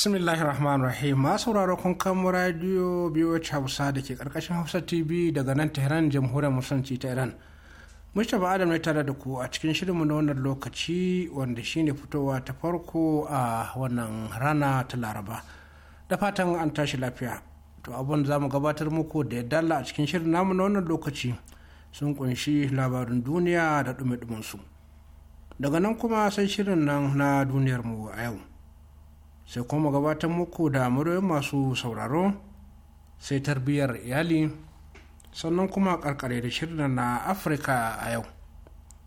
bismillahir rahmanir rahim ma sauraro kun mu radio biyu hausa da ke karkashin hausa tv daga nan tehran jamhuriyar musulunci ta iran mustapha adam ne tare da ku a cikin shirinmu na wannan lokaci wanda shine fitowa ta farko a wannan rana ta laraba da fatan an tashi lafiya to abun za mu gabatar muku da ya dalla a cikin shirin namu na wannan lokaci sun kunshi labarin duniya da dumi su daga nan kuma sai shirin nan na duniyarmu a yau sai kuma gabatar muku da muryoyin masu sauraro sai tarbiyyar iyali sannan kuma karkare da shirin na afirka a yau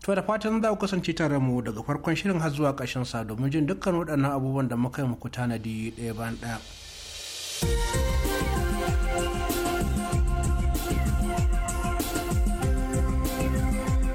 to da fatan za ku kasance tare mu daga farkon shirin har zuwa ƙarshen sa domin jin dukkan waɗannan abubuwan da muka yi muku tanadi ɗaya bayan ɗaya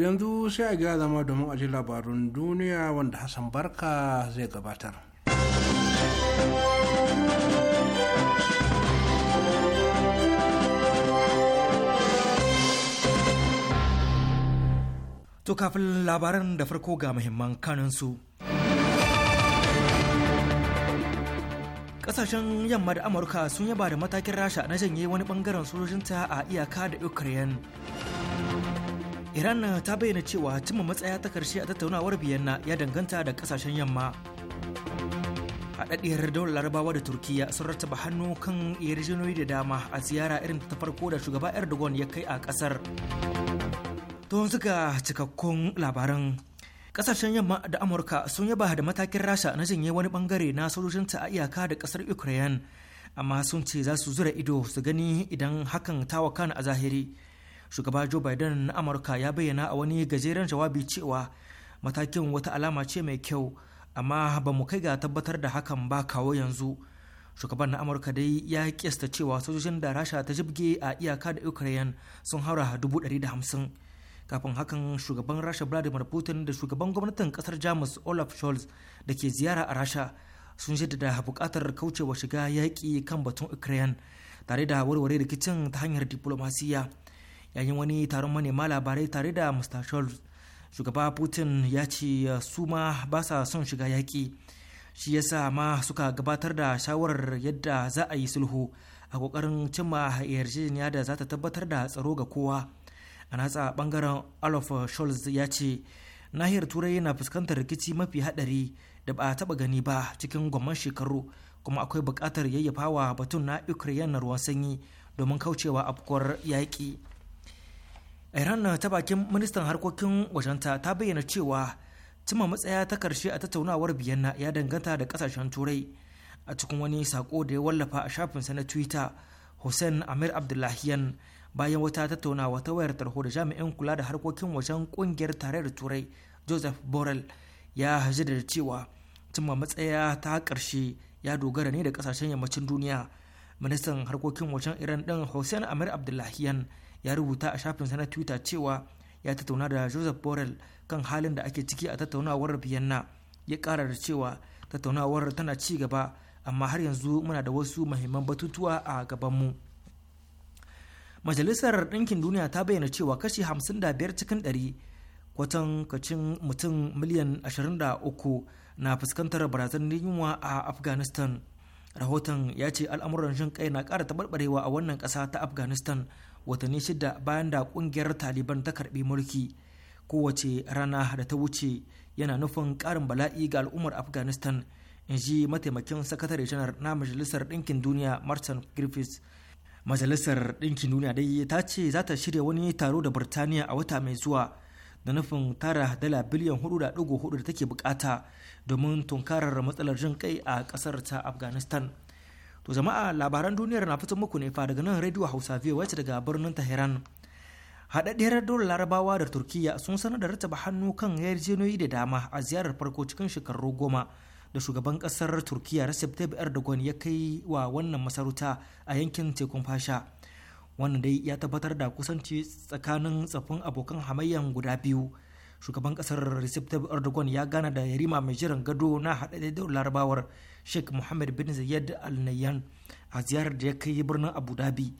yanzu sai a gyara zama domin ji labarun duniya wanda hassan barka zai gabatar to kafin labaran da farko ga muhimman kanunsu kasashen yamma da amurka sun yaba da matakin rasha na janye wani bangaren sojojinta a iyaka da ukraine iran ta bayyana cewa cimma matsaya ta karshe a tattaunawar biyanna ya danganta da kasashen yamma haɗaɗɗiyar daular larabawa da turkiya sun rattaba hannu kan yarjejeniyoyi da dama a ziyara irin ta farko da shugaba erdogan ya kai a ƙasar tun suka cikakkun labaran kasashen yamma da amurka sun yaba da matakin rasha na janye wani bangare na sojojinta a iyaka da kasar ukraine amma sun ce za su zura ido su gani idan hakan ta wakana a zahiri shugaba joe biden na amurka ya bayyana a wani gajeren jawabi cewa matakin wata alama ce mai kyau amma ba mu kai ga tabbatar da hakan ba kawo yanzu shugaban na amurka dai ya kista cewa sojojin da rasha ta jibge a iyaka da ukraine sun haura dubu ɗari da hamsin kafin hakan shugaban rasha vladimir putin da shugaban gwamnatin kasar jamus olaf scholz da ke ziyara a rasha sun da buƙatar kaucewa shiga yaƙi kan batun ukraine tare da warware rikicin ta hanyar diplomasiya yayin wani taron manema labarai tare da mr scholz shugaba putin ya ce su ma ba sa son shiga yaƙi shi ya sa ma suka gabatar da shawarar yadda za a yi sulhu a kokarin cimma yarjejeniya da za ta tabbatar da tsaro ga kowa a natsa bangaren alof scholz ya ce nahiyar turai na fuskantar rikici mafi hadari da ba a taba gani ba cikin gwamman shekaru kuma akwai buƙatar yayyafawa batun na ukraine na ruwan sanyi domin kaucewa afkuwar yaƙi iran ta bakin ministan harkokin wajenta ta bayyana cewa cimma matsaya ta karshe a tattaunawar biyanna ya danganta da kasashen turai a cikin wani sako da ya wallafa a shafinsa na twitter hussein amir abdullahiyan bayan wata tattaunawa ta wayar tarho da jami'in kula da harkokin wajen kungiyar tarayyar turai joseph borrell ya haji da cewa cimma matsaya ta karshe ya dogara ne da kasashen yammacin duniya ministan harkokin wajen iran din hussein amir abdullahiyan ya rubuta a shafinsa na twitter cewa ya tattauna da joseph borrell kan halin da ake ciki a tattaunawar vienna ya kara da cewa tattaunawar tana ci gaba amma har yanzu muna da wasu mahimman batutuwa a gabanmu majalisar ɗinkin duniya ta bayyana cewa kashi 55 cikin 100 kacin mutum miliyan 23 na fuskantar barazanar yunwa a afghanistan rahoton ya ce al'amuran jin kai na ƙara taɓarɓarewa a wannan ƙasa ta afghanistan watanni shida bayan da kungiyar taliban ta karbi mulki kowace rana da ta wuce yana nufin karin bala'i ga al'ummar afghanistan in ji mataimakin sakatare janar na majalisar ɗinkin duniya martin griffiths majalisar ɗinkin duniya dai ta ce za ta shirya wani taro da birtaniya a wata mai zuwa da nufin tara dala biliyan 4.4 da take bukata domin tunkarar matsalar jin kai a ƙasar ta afghanistan To jama'a labaran duniyar na fito muku ne fa daga nan Radio Hausa wacce daga birnin Tehran. Haɗaɗɗiyar dole larabawa da Turkiyya sun sanar da rattaba hannu kan yarjejeniyoyi da dama a ziyarar farko cikin shekaru goma da shugaban ƙasar Turkiyya Recep Tayyip Erdogan ya kai wa wannan masarauta a yankin tekun fasha. Wannan dai ya tabbatar da kusanci tsakanin tsaffin abokan hamayyan guda biyu. shugaban kasar recep tayyip erdogan ya gana da yarima mai jiran gado na haɗaɗɗen larabawar sheikh muhammed bin zayed al nayyan a ziyarar da ya kai birnin abu dhabi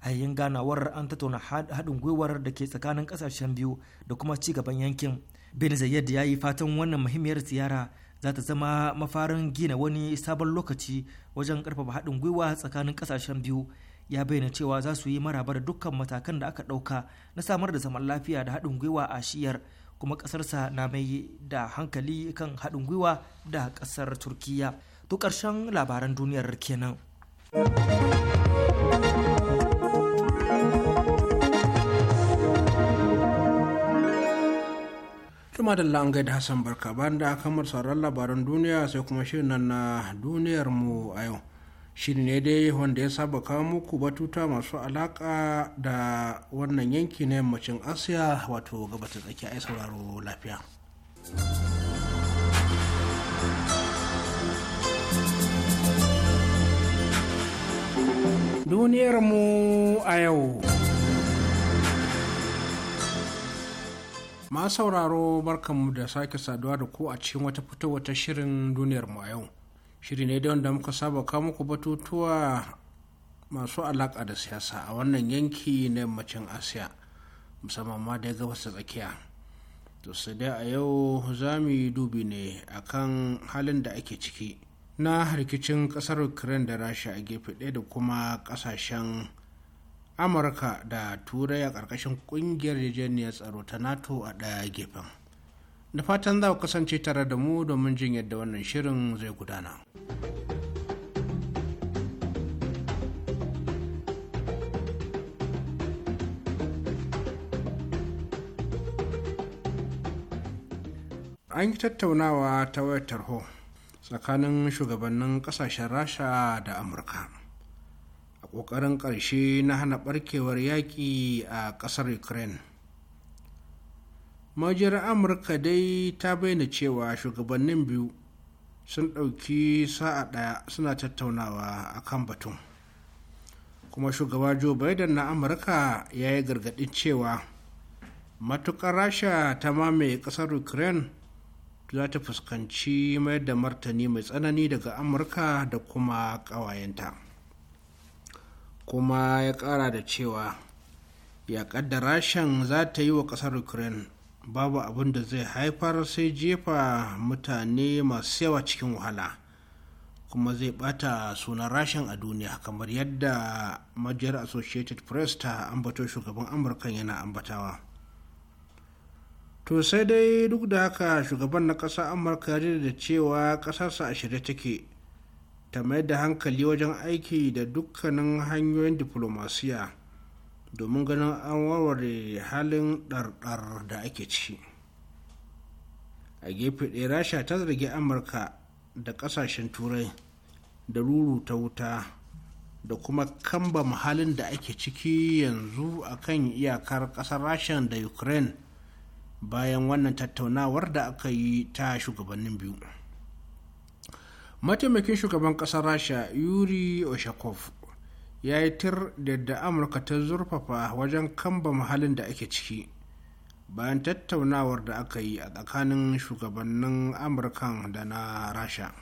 a yayin ganawar an tattauna haɗin gwiwar da ke tsakanin ƙasashen biyu da kuma ci gaban yankin bin zayed ya yi fatan wannan muhimmiyar ziyara za ta zama mafarin gina wani sabon lokaci wajen ƙarfafa haɗin gwiwa tsakanin kasashen biyu ya bayyana cewa za su yi maraba da dukkan matakan da aka ɗauka na samar da zaman lafiya da haɗin gwiwa a shiyar kuma ƙasarsa na mai da hankali kan haɗin gwiwa da ƙasar turkiya to ƙarshen labaran duniyar kenan Tuma da langai da Hassan Barka bayan da aka labaran duniya sai kuma shirin na na duniyarmu a yau. shin ne dai wanda ya saba kawo muku batuta masu alaka da wannan yanki na yammacin asiya wato gabatar tsakiya ai sauraro lafiya duniyarmu a yau ma sauraro barkanmu da sake saduwa da ku a cikin wata fitowa ta shirin duniyarmu a yau shiri ne da wanda muka saba kawo muku batutuwa masu alaƙa da siyasa a wannan yanki na yammacin asiya musamman ma da gabas da tsakiya to su dai a yau za mu yi dubi ne akan halin da ake ciki na rikicin ƙasar ukraine da rasha a gefe ɗaya da kuma ƙasashen amurka da turai a ƙarƙashin ƙungiyar yarjejeniyar tsaro ta nato a ɗaya gefen da fatan za ku kasance tare da mu domin jin yadda wannan shirin zai gudana. An yi tattaunawa ta wayar tarho tsakanin shugabannin ƙasashen Rasha da Amurka. A ƙoƙarin ƙarshe na hana ɓarkewar yaƙi a ƙasar Ukraine. majiyar amurka dai ta bayyana cewa shugabannin biyu sun ɗauki sa'a ɗaya suna tattaunawa a kan batun kuma shugaba joe biden na amurka ya yi gargaɗin cewa matuƙar rasha ta mamaye ƙasar ukraine za ta fuskanci mayar da martani mai tsanani daga amurka da kuma ƙawayenta kuma ya ƙara da cewa yaƙar da rashan za ta yi wa ƙasar ukraine babu abin da zai haifar sai jefa mutane masu yawa cikin wahala kuma zai bata sunan rashin a duniya kamar yadda majiyar associated press ta ambato shugaban amurka yana ambatawa to sai dai duk da haka shugaban na ƙasa amurka ya da cewa ƙasarsa a shirye take ta mai da hankali wajen aiki da dukkanin hanyoyin diflomasiya domin ganin an warware halin ɗarɗar da ake ciki a gefe ɗaya rasha ta zargi amurka da ƙasashen turai da ruru ta wuta da kuma kamba halin da ake ciki yanzu a kan iyakar ƙasar rasha da ukraine bayan wannan tattaunawar da aka yi ta shugabannin biyu mataimakin shugaban ƙasar rasha yuri oshakov ya yi tir da yadda amurka ta zurfafa wajen kamba mahalin da ake ciki bayan tattaunawar da aka yi a tsakanin shugabannin amurkan da na rasha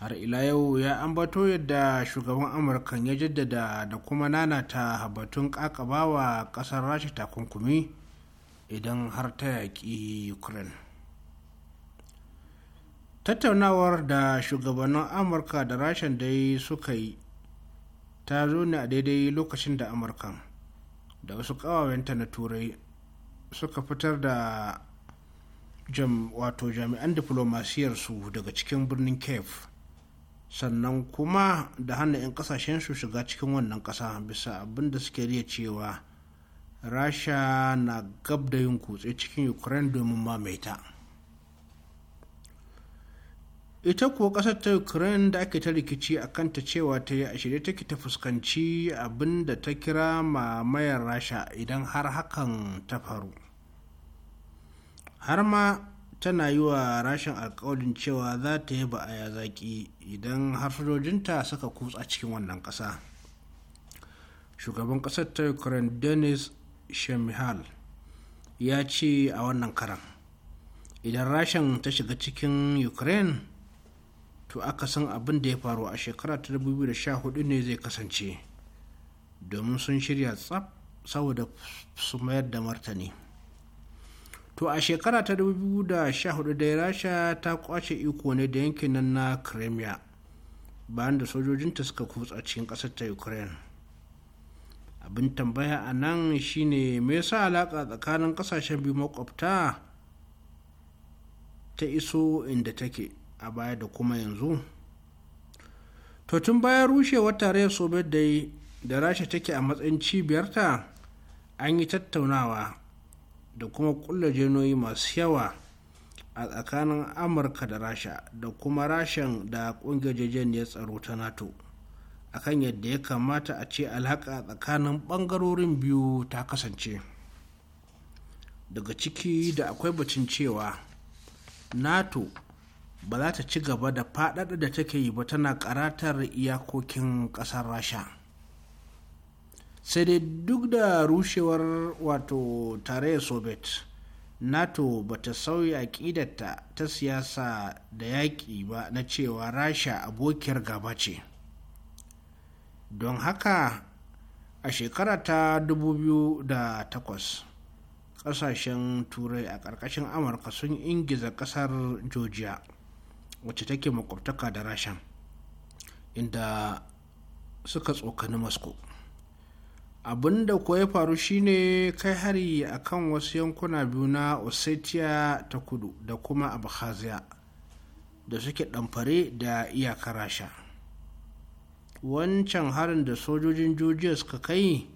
har ila yau ya ambato yadda shugaban amurkan ya jaddada da kuma nanata batun kakabawa kasar rasha takunkumi idan har ta yaƙi ukraine tattaunawar da shugabannin amurka da rashin dai suka yi ta zo ne a daidai lokacin da amurkan da wasu kawawenta na turai suka fitar da jam wato jami'an diflomasiyarsu daga cikin birnin kef sannan kuma da hannun 'yan kasashen su shiga cikin wannan kasa bisa abin da suke riya cewa rasha na gab da yin kutse cikin ukraine domin mamaita. ita kuwa ƙasar ta ukraine da ake ta rikici a kanta cewa ta yi a shirye take ta fuskanci abin da ta kira mamayar rasha idan har hakan ta faru har ma tana yi wa rashin alkawalin cewa za ta yi ba a ya zaƙi idan har sojojinta suka kutsa cikin wannan ƙasa shugaban ƙasar ta ukraine denis shemihal ya ce a wannan karan idan rashin ta shiga cikin ukraine to aka san abin da ya faru a shekara ta 2014 ne zai kasance domin sun shirya tsab saboda su mayar da martani to a shekara ta 2014 da rasha ta kwace iko ne da yankin nan na crimea bayan da sojojinta suka kutsa cikin ƙasar ta ukraine abin tambaya a nan shine me yasa alaƙa tsakanin ƙasashen biyu makwabta ta iso inda take a baya da kuma yanzu to tun bayan rushewar tarayyar soviet dai da rasha take a matsayin cibiyarta an yi tattaunawa da kuma kulla jenoyi masu yawa a tsakanin amurka da rasha da kuma rashen da kungiyar ya tsaro ta nato akan yadda ya kamata a ce alhaka tsakanin bangarorin biyu ta kasance daga ciki da akwai bacin cewa nato ba za ta ci gaba da faɗaɗa da take yi ba tana karatar iyakokin ƙasar rasha sai dai duk da rushewar wato tarayyar soviet nato ba ta sauya ƙidata ta siyasa da yaƙi ba na cewa rasha abokiyar gaba ce don haka a shekara ta 2008 ƙasashen turai a ƙarƙashin amurka sun ingiza ƙasar georgia wacce take makwabtaka da rasha inda suka tsokani moscow abin da kuwa ya faru shine kai hari a kan wasu yankuna biyu na ossetia ta kudu da kuma abkhazia da suke ɗamfare da iyakar rasha wancan harin da sojojin georgia suka kai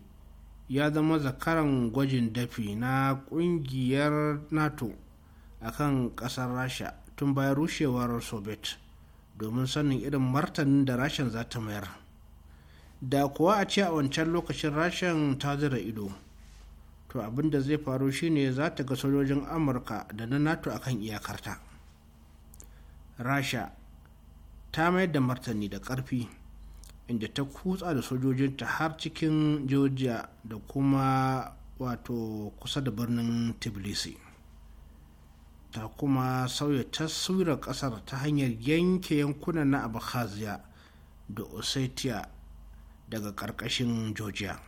ya zama zakaran gwajin dafi na ƙungiyar nato akan kan ƙasar rasha tun bayan rushewar soviet domin sanin irin martanin da rashin za ta mayar da kuwa a ce a wancan lokacin rashin ta zira ido to abin da zai faru shine za ta ga sojojin amurka da na nato a kan iyakarta rasha ta mayar da martani da karfi inda ta kutsa da sojojinta har cikin georgia da kuma wato kusa da birnin tbilisi ta kuma sauya taswirar kasar ta hanyar yanke yankunan na abkhazia da ossetia daga ƙarƙashin georgia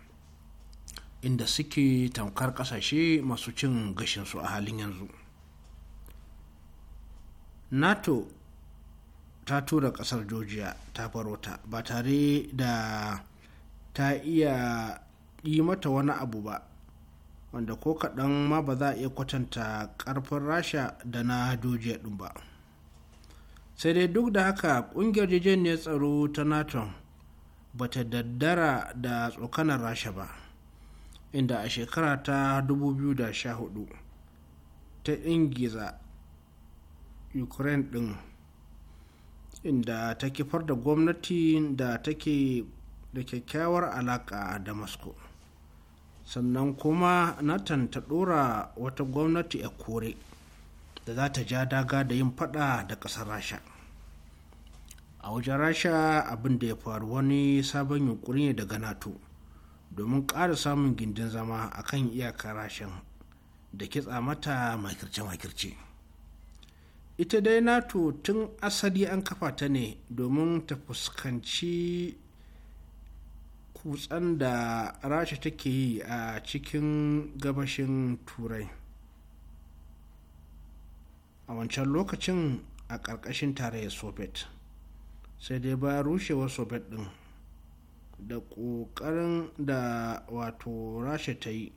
inda suke tamkar ƙasashe masu cin gashinsu a halin yanzu nato ta tura ƙasar georgia ta farota ba tare da ta iya yi mata wani abu ba wanda ko kaɗan ma ba za a iya kwatanta ƙarfin rasha da na dojiya ɗin ba sai dai duk da haka ƙungiyar jijiyar tsaro ta nato ba ta daddara da tsokanar rasha ba inda a shekara ta 2014 ta ingiza ukraine ɗin inda ta kifar da gwamnati da take da kyakkyawar alaƙa da moscow sannan kuma natan ta ɗora wata gwamnati a kore da za ta ja daga da yin fada da ƙasar rasha a wajen rasha abin da ya faru wani sabon yunkuri ne daga nato domin ƙara samun gindin zama a kan iyakar rashin da kitsa mata makirce-makirce ita dai nato tun asali an kafa ta ne domin ta fuskanci kutsen da rasha take yi a cikin gabashin turai a wancan lokacin a ƙarƙashin tarayyar soviet sai dai ba rushewar soviet ɗin da ƙoƙarin da wato rasha ta yi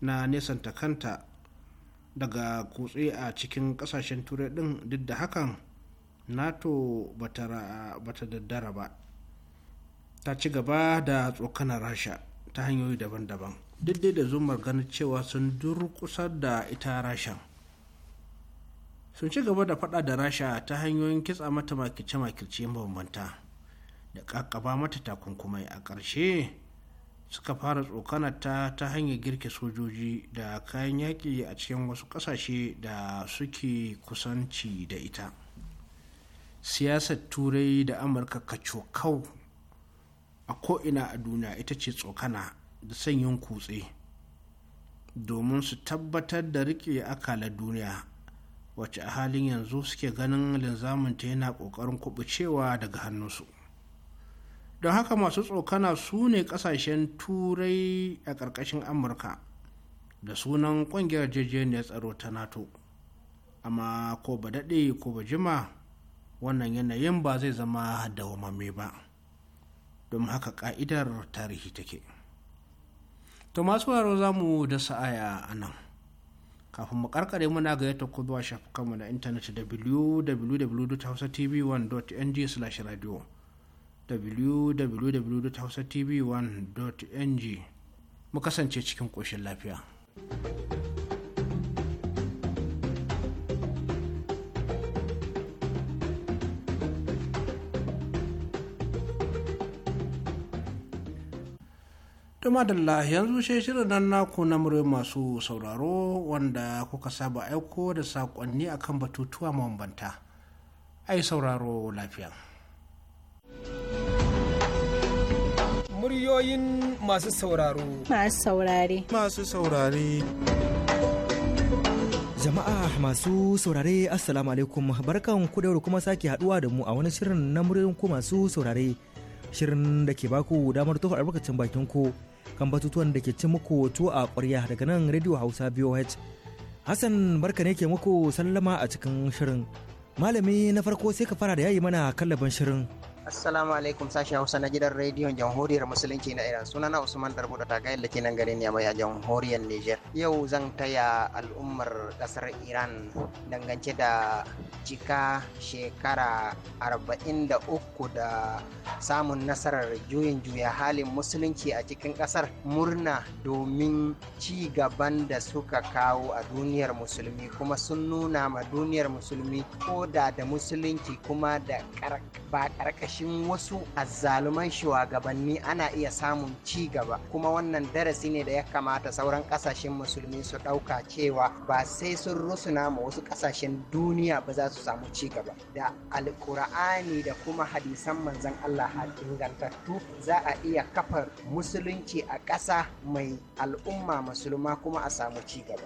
na nesanta kanta daga kutse a cikin ƙasashen turai ɗin duk da hakan nato bata daddara ba ta ci gaba da tsokanar rasha ta hanyoyi daban-daban duk da zumar ganin cewa sun durkusa da ita rasha sun ci gaba da fada da rasha ta hanyoyin kitsa mata makirce-makirce mabambanta da kakaba mata takunkumai a ƙarshe suka fara tsokanar ta ta hanyar girke sojoji da kayan yaƙi a cikin wasu ƙasashe da suke kusanci da ita siyasar turai da amurka kacokau a ko'ina a duniya ita ce tsokana da sanyin kutse domin su tabbatar da riƙe akalar duniya wacce a halin yanzu suke ganin linzamin ta yana ƙoƙarin kubucewa daga hannunsu don haka masu tsokana su ne ƙasashen turai a ƙarƙashin amurka da sunan ƙungiyar jejeniyar tsaro ta nato amma ko ba daɗe ko ba jima wannan yanayin ba zai zama dawamame ba. don haka ka'idar tarihi take to masu waro za mu da sa'aya a nan kafin mu karkare muna ga yadda ku shafukanmu na intanet www.hausatv1.ng slash radio www.hausatv1.ng mu kasance cikin koshin lafiya. thank you Tuma da yanzu shi shirin nan naku na murai masu sauraro wanda kuka saba aiko da saƙonni akan batutuwa mabambanta. Ai sauraro lafiya. Muryoyin masu sauraro. Masu saurare. Masu saurare. Jama'a masu saurare Assalamu alaikum barkan ku da kuma sake haduwa da mu a wani shirin na muryoyin ku masu saurare. Shirin da ke baku damar tofa albarkacin bakin ku kan batutuwan da ke ci muku wato a ƙwarya daga nan Radio Hausa BOH. Hassan barka ne ke muku sallama a cikin shirin. Malami na farko sai ka fara da yayi mana kallaban shirin. Assalamu alaikum Sashi Hausa na gidan rediyon Jamhuriyar Musulunci na Iran sunana Usman Darbu da tagayin da ke nan garin Yamai a Jamhuriyar Niger. yau zan taya al'ummar ƙasar iran dangance da cika shekara 43 da samun nasarar juyin juya halin musulunci a cikin ƙasar? murna domin ci gaban da suka kawo a duniyar musulmi kuma sun nuna ma duniyar musulmi ko da da musulunci kuma da ba ƙarƙashin wasu azzaluman shugabanni ana iya samun ci gaba kuma wannan darasi ne da ya kamata sauran kasashen musulmi su ɗauka cewa ba sai sun rusuna ma wasu ƙasashen duniya ba za su samu ci gaba da alkur'ani da kuma hadisan manzan Allah ingantattu za a iya kafar musulunci a ƙasa mai al'umma musulma kuma a samu ci gaba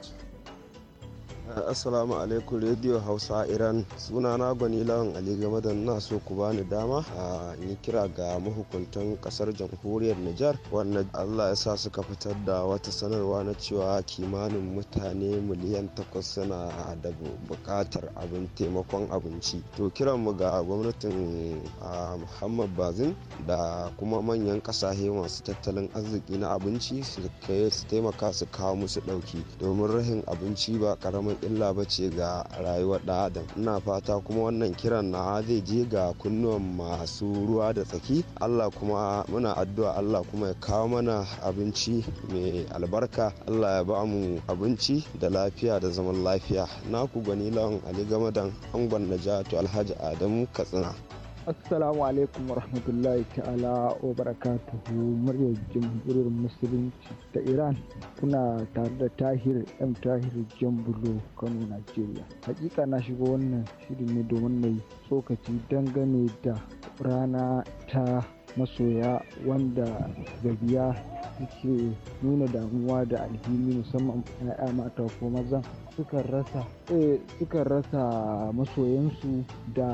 assalamu alaikum radio hausa iran suna na gwani lawan ali game da na so ku bani dama a yi kira ga mahukuntan kasar jamhuriyar nijar wannan allah ya sa suka fitar da wata sanarwa na cewa kimanin mutane miliyan takwas suna da bukatar abin taimakon abinci to kiranmu ga gwamnatin muhammad bazin da kuma manyan kasashe masu tattalin arziki na abinci su taimaka su kawo musu dauki domin rahin abinci ba karamin illa ba ce ga rayuwar ɗan adam ina fata kuma wannan kiran na zai je ga kunnuwan masu ruwa da tsaki allah kuma muna addu'a allah kuma ya kawo mana abinci mai albarka allah ya ba mu abinci da lafiya da zaman lafiya naku gwani lawan ali gamadan angon najatu alhaji adamu katsina assalamu alaikum wa rahmatullahi ta'ala wa barakatuhu muryar jamhuriyar musulunci ta iran kuna tare da tahir m tahir jambulo kano najeriya hakika na shigo wannan shirin ne domin mai tsokaci dangane da rana ta masoya wanda gabiya suke nuna damuwa da alhini musamman 'ya'ya mata ko maza sukan eh, rasa masoyansu da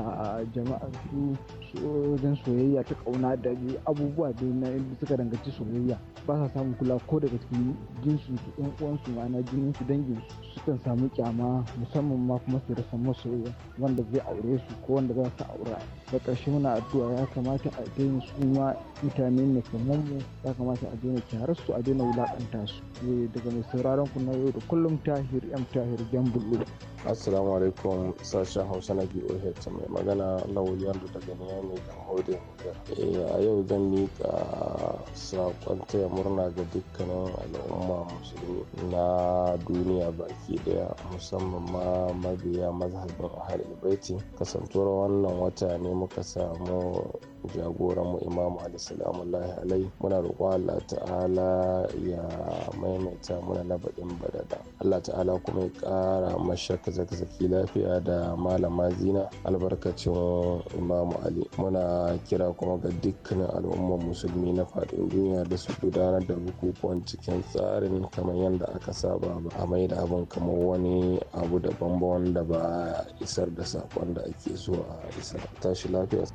jama'arsu wajen soyayya ta ƙauna da abubuwa da na suka danganci soyayya ba sa samun kula ko daga cikin jinsu su ɗan uwansu ma'ana jinin su dangin su sukan samu kyama musamman ma kuma su rasa masoya wanda zai aure su ko wanda za su aura da ƙarshe muna addu'a ya kamata a daina su ma mutane ne kaman mu ya kamata a daina kyarar su a daina wulaƙanta su eh, daga mai sauraron ku na yau da kullum tahir yan tahir jambulu assalamu alaikum sashen hausa na boh mai magana lawal da daga niyan ne eh, A yau zan miƙa saƙon taya murna ga dukkanin al'umma musulmi na duniya baki daya musamman ma mabiya mazhabin Ahlul Baiti. Kasantuwar wannan wata ne muka samu jagoran mu imamu ali salamullahi alai muna roƙo allah ta'ala ya maimaita muna na baɗin badada allah ta'ala kuma ya ƙara mashar zaki lafiya da malama zina albarkacin imamu ali muna kira kuma ga dukkanin al'ummar musulmi na faɗin duniya da su gudanar da bukukuwan cikin tsarin kamar yadda aka saba ba a mai da abin kamar wani abu daban ba wanda ba isar da sakon da ake so a isar tashi lafiya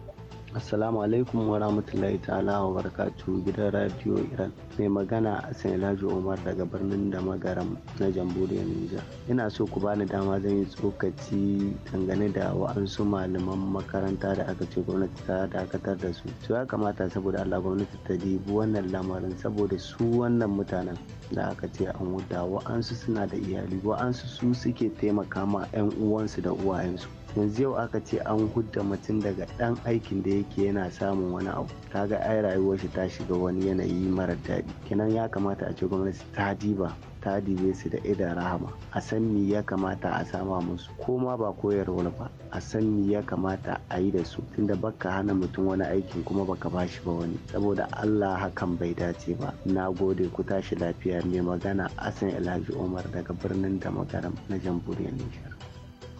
Assalamu alaikum wa rahmatullahi ta'ala wa barakatu gidan radio Iran. Mai magana Hassan alhaji Umar daga birnin da magaram na jamhuriyar Nijar. Ina so ku bani dama zan yi tsokaci dangane da wa'ansu malaman makaranta da aka ce gwamnati ta dakatar da su. Su ya kamata saboda Allah gwamnati ta dibi wannan lamarin saboda su wannan mutanen da aka ce an wuta wa'ansu suna da iyali wa'ansu su suke taimaka ma 'yan uwansu da uwayensu. yanzu yau aka ce an hudda mutum daga ɗan aikin da yake yana samun wani abu kaga ai rayuwar shi ta shiga wani yanayi mara daɗi kenan ya kamata a ce gwamnati ta diba ta dibe su da idan rahama a san me ya kamata a sama musu ko ma ba koyarwar ba a san me ya kamata a yi da su tunda baka hana mutum wani aikin kuma baka bashi ba wani saboda Allah hakan bai dace ba na gode ku tashi lafiya mai magana Asan Alhaji Umar daga birnin damagaram na jamhuriyar Nijar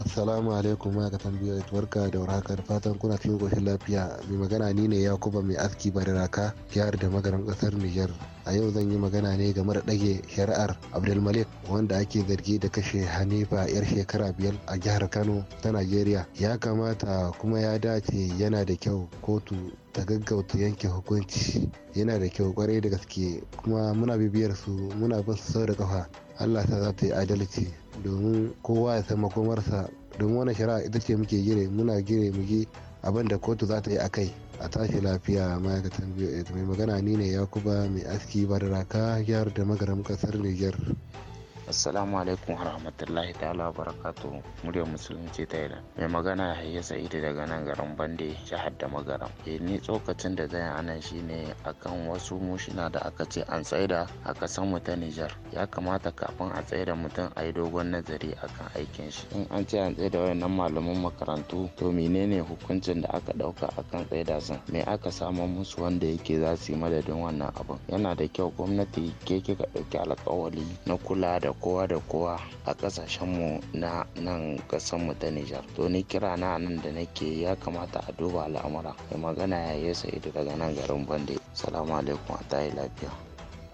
Assalamu alaikum ma'aikatan biyu da tuwarka da warhaka da fatan kuna cikin ƙoshin lafiya. Mai magana ni ne ya kuma mai aski bari raka jihar da magaran kasar Nijar. A yau zan yi magana ne game da ɗage shari'ar Abdulmalik wanda ake zargi da kashe Hanifa yar shekara biyar a jihar Kano ta Najeriya. Ya kamata kuma ya dace yana da kyau kotu ta gaggauta yanke hukunci yana da kyau kwarai da gaske kuma muna bibiyar su muna bin su sau da kafa Allah ta za ta yi adalci domin kowa ya san makomarsa domin wani shari'a ita ce muke gire muna gire muke abin da kotu za ta yi a kai a tashi lafiya ma'aikatan biyu mai magana ni ne yakuba mai aski barraka jihar da magaram kasar niger assalamu alaikum warahmatullahi ta'ala barakatu muryar musulunci ta idan mai magana ya sa'idu daga nan garin bande jihar da magaram e ni tsokacin da zai anan shine akan wasu mushina da aka ce an tsaida a kasan mu ta nijar ya kamata kafin a tsaida mutum a yi dogon nazari akan aikin shi in an ce an tsaida wayannan malaman makarantu to menene hukuncin da aka dauka akan tsaida sun me aka samu musu wanda yake za su yi madadin wannan abin yana da kyau gwamnati ke ka ɗauki alkawali na kula da kowa da kowa a ƙasashenmu na nan ƙasarmu ta Nijar. To ni kira na nan da nake ya kamata a duba al'amura. Da magana ya yi sa'idu daga nan garin Bande. Salamu alaikum a tayi lafiya.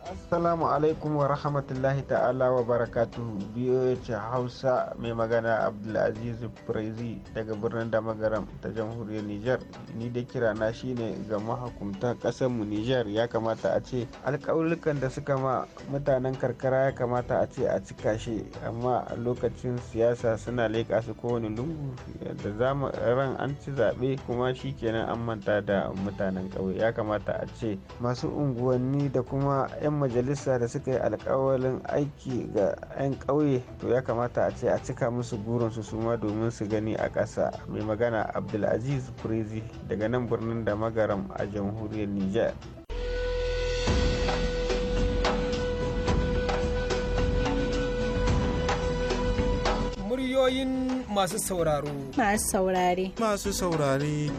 Assalamu alaikum wa rahmatullahi ta'ala wa barakatu BOH Hausa mai magana Abdulaziz Prezi daga birnin Damagaram ta jamhuriyar Nijar. Ni da kira na shine ga mahukuntan kasar mu Nijar ya kamata a ce alƙawulukan da suka ma mutanen karkara ya kamata a ce a cika shi amma a lokacin siyasa suna leƙa su kowane lungu da zama ran an ci zaɓe kuma shikenan an manta da mutanen ƙauye ya kamata a ce masu unguwanni da kuma 'yan majalisa da suka yi alkawalin aiki ga 'yan ƙauye to ya kamata a ce a cika musu burinsu su ma domin su gani a ƙasa mai magana abdulaziz prezi daga nan birnin da magaram a jamhuriyar niger muryoyin masu sauraro masu saurare masu saurare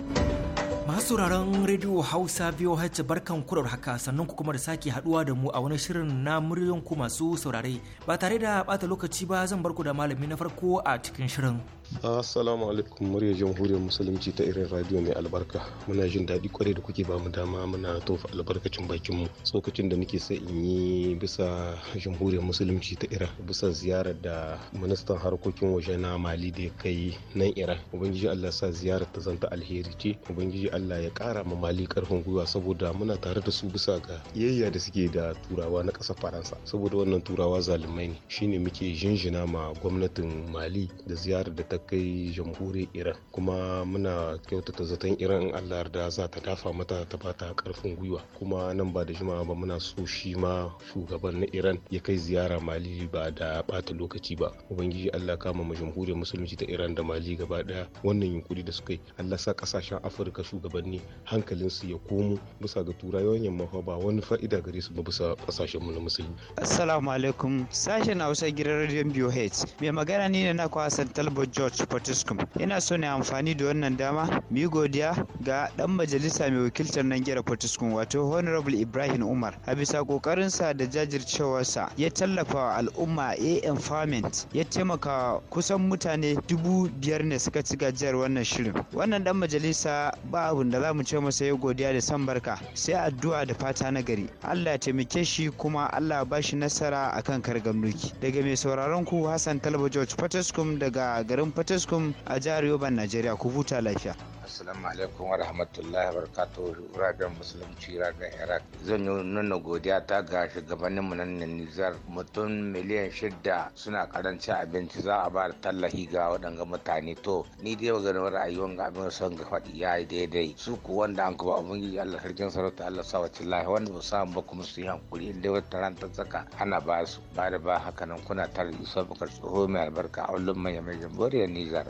Masu sauraren rediyo Hausa biyu hacce barkan kurar haka sannan ku kuma da sake haduwa da mu a wani shirin na muryoyin ku masu saurare ba tare da bata lokaci ba zan barku da malami na farko a cikin shirin. Assalamu alaikum murya jamhuriyar musulunci ta irin radio mai albarka muna jin daɗi kwarai da kuke ba mu dama muna tofa albarkacin bakin mu tsokacin da nake sa in yi bisa jamhuriyar musulunci ta iran bisa ziyarar da ministan harkokin waje na mali da ya kai nan iran ubangiji allah sa ziyarar ta zanta alheri ce ubangiji allah ya kara ma mali karfin gwiwa saboda muna tare da su bisa ga yayya da suke da turawa na ƙasar faransa saboda wannan turawa zalimai ne shine muke jinjina ma gwamnatin mali da ziyarar da ta kai jamhuriyar iran kuma muna kyautata zaton iran in allah da za ta dafa mata ta bata karfin gwiwa kuma nan ba da jimawa ba muna so shi ma shugaban na iran ya kai ziyara mali ba da bata lokaci ba ubangiji allah kama ma jamhuriyar musulunci ta iran da mali gaba daya wannan yunkuri da suka yi allah sa kasashen afirka shugabanni hankalinsu ya komo bisa ga yawan yamma ba wani fa'ida gare su ba bisa kasashen mu na musulmi assalamu alaikum sashen hausa gidan radio bioh mai magana ni ne na kwasan talbot george George Fortescue. Ina so ne amfani da wannan dama mu godiya ga dan majalisa mai wakiltar gida Fortescue wato Honorable Ibrahim Umar a bisa kokarinsa da jajircewarsa ya tallafa wa al'umma A Empowerment ya taimaka kusan mutane dubu biyar ne suka ci gajiyar wannan shirin. Wannan dan majalisa ba abun da za mu ce masa ya godiya da san barka sai addu'a da fata na gari. Allah ya taimake shi kuma Allah ba shi nasara akan kargamnuki. Daga mai sauraron ku Hassan Talba George Fortescue daga garin fataskum a jihar yoban najeriya ku huta lafiya assalamu alaikum wa rahmatullahi wa barakatuh ragan musulunci ragan iraq zan yi nuna godiya ta ga shugabannin mu nan nizar mutum miliyan shida suna karanci abinci za a ba da tallafi ga waɗanga mutane to ni dai ba ganin ra'ayin ga abin son ga faɗi ya yi daidai su ku wanda an kuma yi allah sarkin sarauta allah sa wacce lahi wanda ba samu ba kuma su yi hankuri inda wata ran ta tsaka ana ba su ba da ba haka nan kuna tare da isa Bukar tsoho mai albarka a wallon mai mai jambore jamhuriyar Nijar.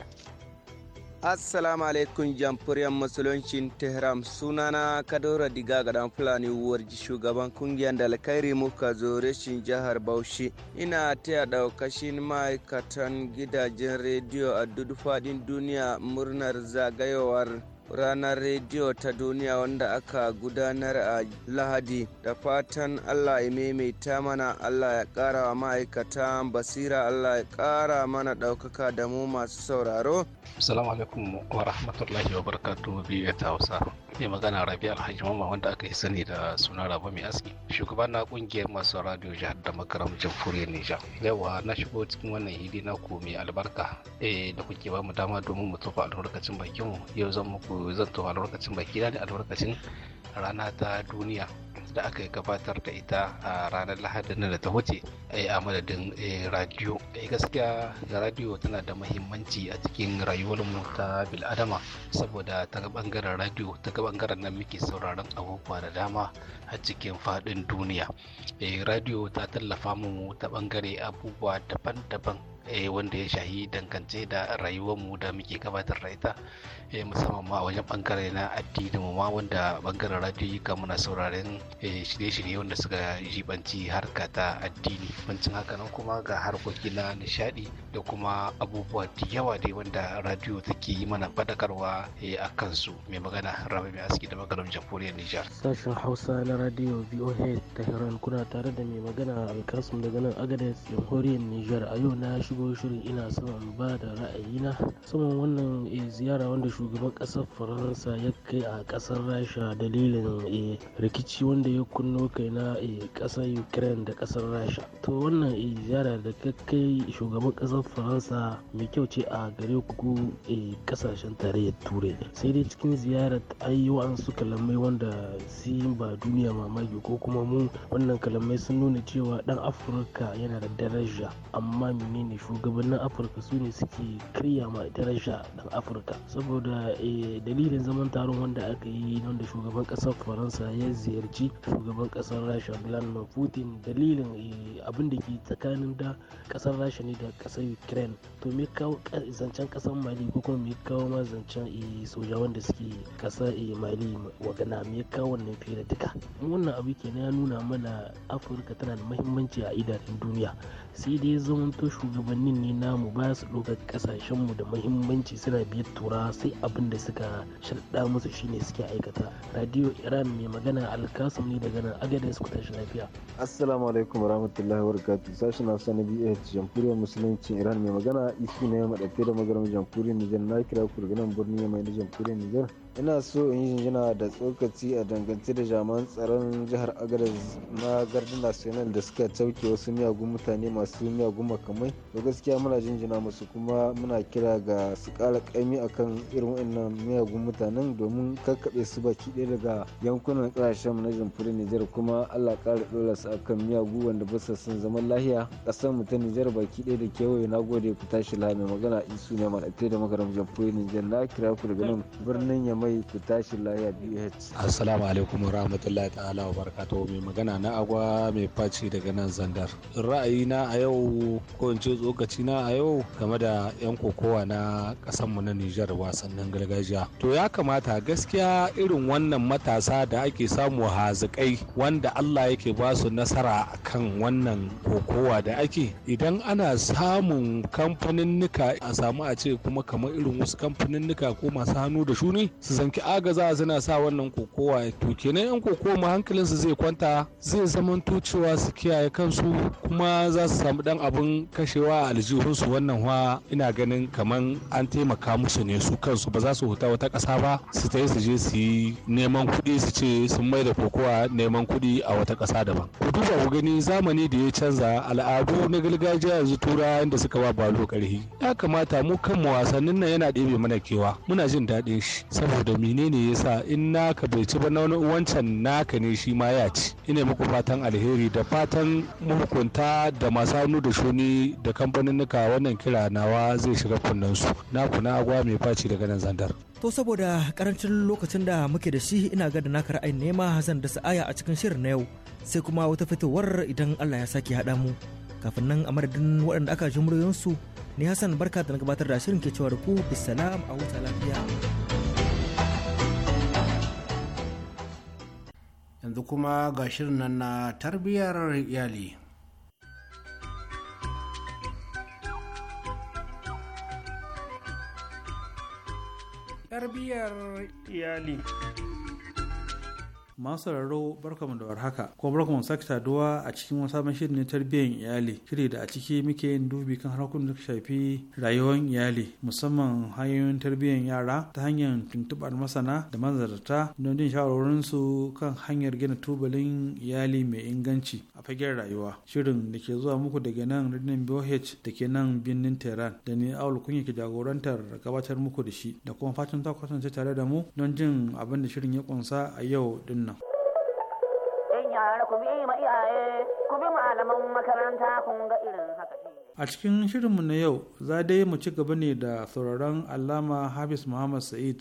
Assalamu alaikum jamhuriyar musuluncin Tehran sunana Kadora Diga ga dan Fulani Warji shugaban kungiyar da alkhairi muka zo reshin jihar Bauchi. Ina taya daukashin ma'aikatan gidajen rediyo a duk faɗin duniya murnar zagayowar ranar rediyo ta duniya wanda aka gudanar a lahadi da fatan allah ya maimaita mana allah ya kara wa ma'aikata basira allah ya kara mana ɗaukaka da mu masu sauraro assalamu wa rahmatullahi wa barakatuhu biyu ta hausa mai magana rabi alhaji mamma wanda aka yi sani da suna rabu mai aski shugaba na kungiyar masu radio jihar da makaram jamhuriyar nija yawa na shigo cikin wannan hili na ku mai albarka eh da kuke ba mu dama domin mu tofa albarkacin bakin mu yau zan muku zan tofa albarkacin baki ne albarkacin rana ta duniya da aka gabatar da ita a ranar lahadin da ta wuce eh, a madadin eh, radio eh, gaskiya da radio tana da mahimmanci a cikin rayuwar mu ta bil'adama saboda ta bangaren radio ta bangaren nan muke sauraron abubuwa da dama a cikin fadin duniya radio ta tallafa mu ta bangare abubuwa daban-daban wanda ya shahi dangance da rayuwarmu da muke gabatar da ita musamman ma wajen bangare na addini mu ma wanda bangaren yi muna sauraren Eh, shirye-shirye wanda suka jibanci harka ta addini bancin haka nan kuma ga harkoki na nishadi da kuma abubuwa da yawa dai wanda radio take yi mana fadakarwa eh, a kansu mai magana rabu mai aski da magaram jamhuriyar nijar sashen hausa na radio voh tehran kuna tare da mai magana alkasum daga nan agadez jamhuriyar nijar a yau na shigo shirin ina son ba da ra'ayina saman wannan eh, ziyara wanda shugaban kasar faransa ya kai a kasar rasha dalilin rikici wanda ya kunno kai na kasar eh, ukraine da kasar rasha to wannan eh, ziyara da kai shugaban kasar faransa mai kyau ce a gare ku kasashen eh, tarayyar turai sai dai cikin ziyarar an su kalamai wanda su ba duniya mamaki ko kuma mu wannan kalamai sun nuna cewa dan afirka yana da daraja amma menene shugabannin afirka su ne suke karya ma daraja dan afirka saboda dalilin zaman taron wanda aka yi wanda shugaban kasar faransa ya ziyarci zalunci shugaban kasar rasha vladimir putin dalilin eh, abin da ke tsakanin da kasar rasha ne da kasar ukraine to me kawo zancen kasar mali ko kuma me kawo ma zancen eh, soja da suke kasar eh, mali wagana me kawo wannan fira duka wannan abu kenan ya nuna mana afirka tana da muhimmanci a idanun duniya sai dai zamanto shugabannin ne namu ba su ɗaukar ƙasashenmu da muhimmanci suna biyar tura sai abin da suka sharɗa musu shine suke aikata radio iran mai magana alkasum ne daga nan su ku tashi lafiya assalamu alaikum warahmatullahi wabarakatuh sashen hausa na bh jamhuriyar musulunci iran mai magana isu ne maɗafe da magana jamhuriyar nijar na kira ku daga nan birni mai na jamhuriyar nijar ina so in yi jinjina da tsokaci a dangance da jaman tsaron jihar agadez na gardin national da suka cauke wasu miyagun mutane masu miyagun makamai da gaskiya muna jinjina musu kuma muna kira ga su kara kaimi akan irin wannan miyagun mutanen domin kakkaɓe su baki ɗaya daga yankunan ƙasashen na jamhuriyar nijar kuma allah ƙara ɗora su akan miyagu wanda ba su son zaman lahiya ƙasar mu ta nijar baki ɗaya da kewaye na gode ku tashi lami magana isu ne maɗaɗe da makarar jamhuriyar nijar na kira ku daga nan birnin yamai mai ku tashi lafiya BH. Assalamu alaikum ta'ala wa mai magana na agwa mai faci daga nan zandar. Ra'ayina a yau ko in ce tsokaci na a yau game da yan kokowa na kasan mu na Nijar wasannin gargajiya. To ya kamata gaskiya irin wannan matasa da ake samu hazikai wanda Allah yake ba su nasara kan wannan kokowa da ake idan ana samun kamfanin nika a samu a ce kuma kamar irin wasu kamfanin nika ko masu hannu da shuni su zanki agaza suna sa wannan kokowa to kenan yan kokowa ma hankalinsu zai kwanta zai zamanto cewa su kiyaye kansu kuma za su samu dan abin kashewa a aljihunsu wannan wa ina ganin kaman an taimaka musu ne su kansu ba za su huta wata ƙasa ba su ta su je su yi neman kuɗi su ce sun mai da kokowa neman kuɗi a wata ƙasa daban ku duba ku gani zamani da ya canza al'adu na gargajiya yanzu tura da suka ba balo ƙarfi ya kamata mu kanmu wasannin nan yana ɗebe mana kewa muna jin daɗin shi saboda da menene yasa in naka bai ci ba na wani wancan naka ne shi ma ya ci ina muku fatan alheri da fatan mahukunta da masu hannu da shuni da kamfaninnika wannan kira nawa zai shiga su na kuna agwa mai faci daga nan zandar to saboda karancin lokacin da muke da shi ina ga da naka ra'ayin nema zan da sa'aya a cikin shirin na yau sai kuma wata fitowar idan Allah ya sake haɗa mu kafin nan a madadin waɗanda aka ji muryoyinsu ni Hassan barka da gabatar da shirin ke cewa da ku bisalam a huta lafiya. yanzu kuma ga shirin nan na tarbiyyar iyali tarbiyyar iyali masu raro barkamu da warhaka kuma barkamu sake saduwa a cikin wani sabon shirin na tarbiyyar iyali shiri da a ciki muke yin dubi kan harkokin da shafi rayuwar iyali musamman hanyoyin tarbiyyar yara ta hanyar tuntuɓar masana da manzarta don jin su kan hanyar gina tubalin iyali mai inganci a fagen rayuwa shirin da ke zuwa muku daga nan rinin BOH da ke nan birnin Tehran da ni Awul Kunya ke jagorantar gabatar muku da shi da kuma fatan ta kasance tare da mu don jin abin da shirin ya kunsa a yau din yara ku bi ma iyaye ku bi malaman makaranta kun ga irin haka a cikin shirinmu na yau za dai mu ci gaba ne da sauraron alama hafiz muhammad sa'id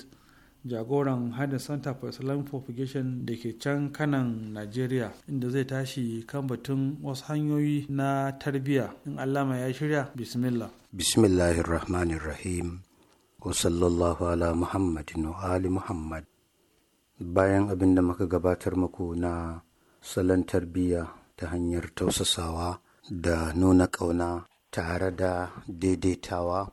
jagoran hadin center for islamic propagation da ke can kanan nigeria inda zai tashi kan batun wasu hanyoyi na tarbiyya in allama ya shirya bismillah bismillahirrahmanirrahim wa sallallahu ala muhammadin wa ali muhammad bayan abin da muka gabatar muku na salon tarbiyya ta hanyar tausasawa da nuna ƙauna tare da daidaitawa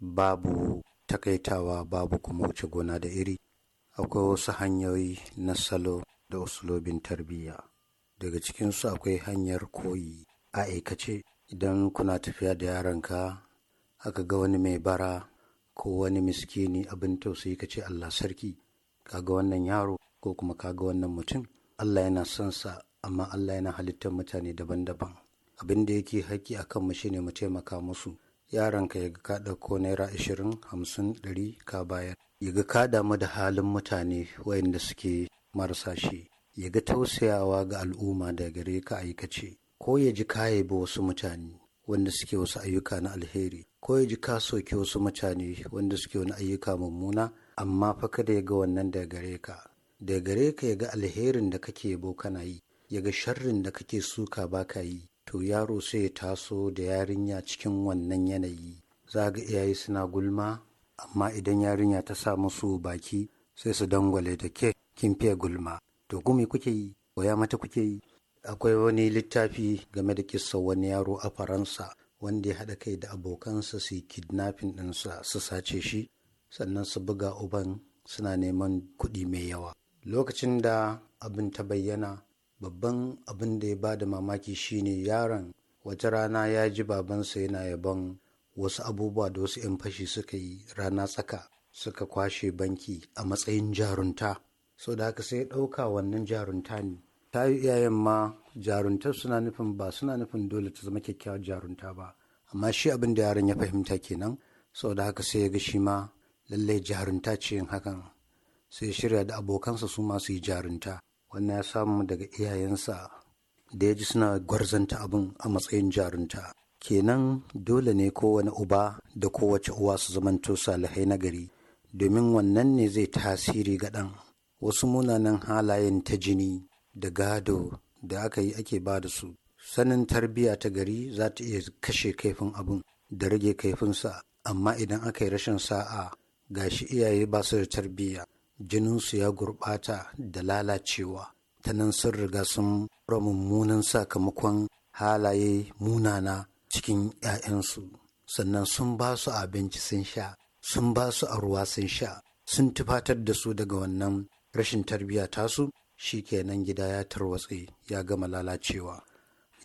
babu takaitawa babu kuma wuce gona da iri akwai wasu hanyoyi na salo da usulobin tarbiyya daga cikinsu akwai hanyar koyi a aikace idan kuna tafiya da yaranka aka ga wani mai bara ko wani miskini abin tausayi ka ce allah sarki kaga wannan yaro ko kuma kaga wannan mutum Allah yana son sa amma Allah yana halittar mutane daban-daban abin da yake haƙƙi a kanmu shine mu taimaka musu yaranka ya ga ka ɗauko naira ashirin hamsin ɗari ka bayar ya ga ka damu da halin mutane wayanda suke marasa shi ya ga tausayawa ga al'umma da gare ka aikace ko ya ji ka yabi wasu mutane wanda suke wasu ayyuka na alheri ko ya ji ka soke wasu mutane wanda suke wani ayyuka mummuna amma fa kada ya ga wannan da gare ka da gare ka ya ga alherin da kake yabo kana yi ya ga sharrin da kake suka baka yi to yaro sai ya taso da yarinya cikin wannan yanayi za ga iyaye suna gulma amma idan yarinya ta sa musu baki sai su dangwale da ke kin fiye gulma to gumi kuke yi waya mata kuke yi akwai wani littafi game da kissa wani yaro a faransa wanda ya haɗa kai da abokansa su yi kidnapping ɗinsa su sace shi sannan su buga uban suna neman kuɗi mai yawa lokacin da abin ta bayyana babban abin da ya ba da mamaki shine yaron wata rana ya ji babansa yana yabon wasu abubuwa da wasu 'yan fashi suka yi rana tsaka suka kwashe banki a matsayin jarunta so da haka sai ɗauka wannan jarunta ne ta yi iyayen ma jaruntar suna nufin ba suna nufin dole ta zama kyakkyawar jarunta ba amma shi abin da yaron ya fahimta kenan so da haka sai ya ga shi ma lallai jarunta ce yin hakan sai shirya da abokansa su masu yi jarinta wannan ya samu daga iyayensa da ya ji suna gwarzanta abin a matsayin jarinta kenan dole ne kowane uba da kowace uwa su zamanto salihai na gari domin wannan ne zai tasiri ga ɗan wasu munanan halayen ta jini da gado da aka yi ake ba da su sanin tarbiyya ta gari za ta iya kashe kaifin abin da rage kaifinsa amma idan aka yi rashin sa'a gashi iyaye ba su da tarbiyya jininsu ya gurɓata da lalacewa ta nan sun riga sun ra mummunan sakamakon halaye munana cikin 'ya'yansu sannan sun ba su abinci sun sha sun ba su a ruwa sun sha sun tufatar da su daga wannan rashin tarbiyya tasu shi kenan gida ya tarwatse ya gama lalacewa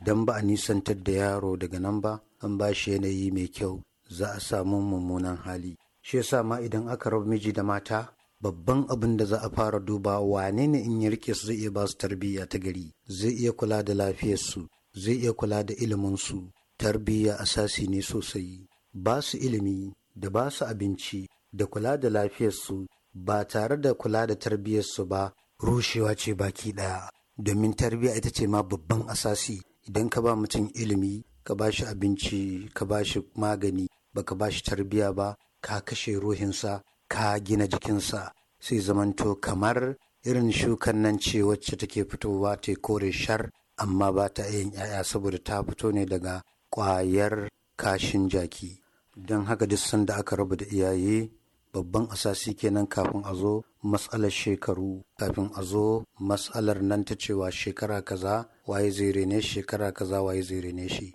idan ba a nisantar da yaro daga nan ba an ba shi yanayi mai kyau za a samu mummunan hali shi yasa ma idan aka rabu miji da mata babban abin da za a fara duba wane ne in ya rike su zai iya ba su tarbiyya ta gari zai iya kula da lafiyarsu zai iya kula da iliminsu tarbiyya asasi ne sosai ba su ilimi da ba su abinci da kula da lafiyarsu ba tare da kula da tarbiyyarsu ba rushewa ce baki ɗaya domin tarbiyya ita ce ma babban asasi idan ka ba mutum ilimi ka ba shi abinci ka ba shi magani baka ba shi tarbiyya ba ka kashe ruhinsa ka gina jikinsa sai zamanto kamar irin shukan nan ce wacce take fitowa ta kore shar amma ba ta yin 'ya'ya saboda ta fito ne daga kwayar kashin jaki don haka duk sanda aka raba da iyaye babban asasi kenan kafin a zo matsalar shekaru kafin a zo matsalar nan ta cewa shekara kaza waye zai rene shekara kaza waye zai rene shi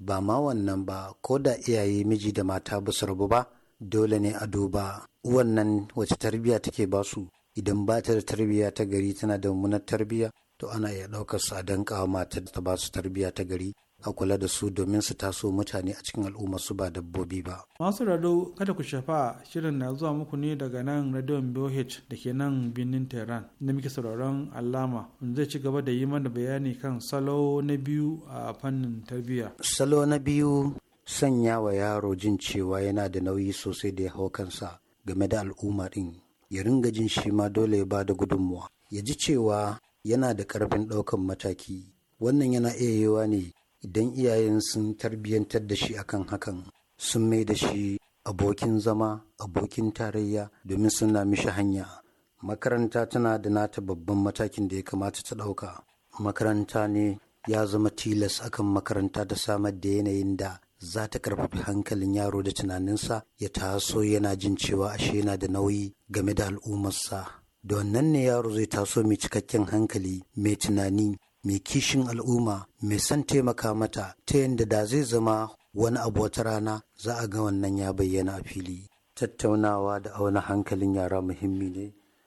ba ma wannan ba ko da iyaye miji da mata ba su rabu ba dole ne a duba wannan wace tarbiyya take ba su idan ba ta da tarbiyya ta gari tana da mummunar tarbiyya to ana iya ɗaukar su a danƙa matar ta ba su tarbiyya ta gari a kula da su domin su taso mutane a cikin al'umma su ba dabbobi ba. Masu rado kada ku shafa shirin na zuwa muku ne daga nan radio BOH da ke nan birnin Tehran na muke sauraron alama zai ci gaba da yi mana bayani kan salo na biyu a fannin tarbiyya. Salo na biyu sanya wa yaro jin cewa yana da nauyi sosai da ya hau kansa game da al'umma ɗin ya ringa jin shi ma dole ya ba da gudunmuwa ya ji cewa yana da ƙarfin ɗaukan mataki wannan yana iya yiwa ne idan iyayen sun tarbiyyantar da shi akan hakan sun mai da shi abokin zama abokin tarayya domin suna mishi hanya makaranta tana da nata babban matakin da ya kamata ta ɗauka makaranta ne ya zama tilas akan makaranta ta samar da yanayin da za ta karfafi hankalin yaro da tunaninsa ya taso yana jin cewa ashe yana da nauyi game da al'ummarsa da wannan ne yaro zai taso mai cikakken hankali mai tunani mai kishin al'umma mai son taimaka mata ta yadda da zai zama wani abu wata rana za a ga wannan ya bayyana a fili tattaunawa da auna hankalin yara muhimmi ne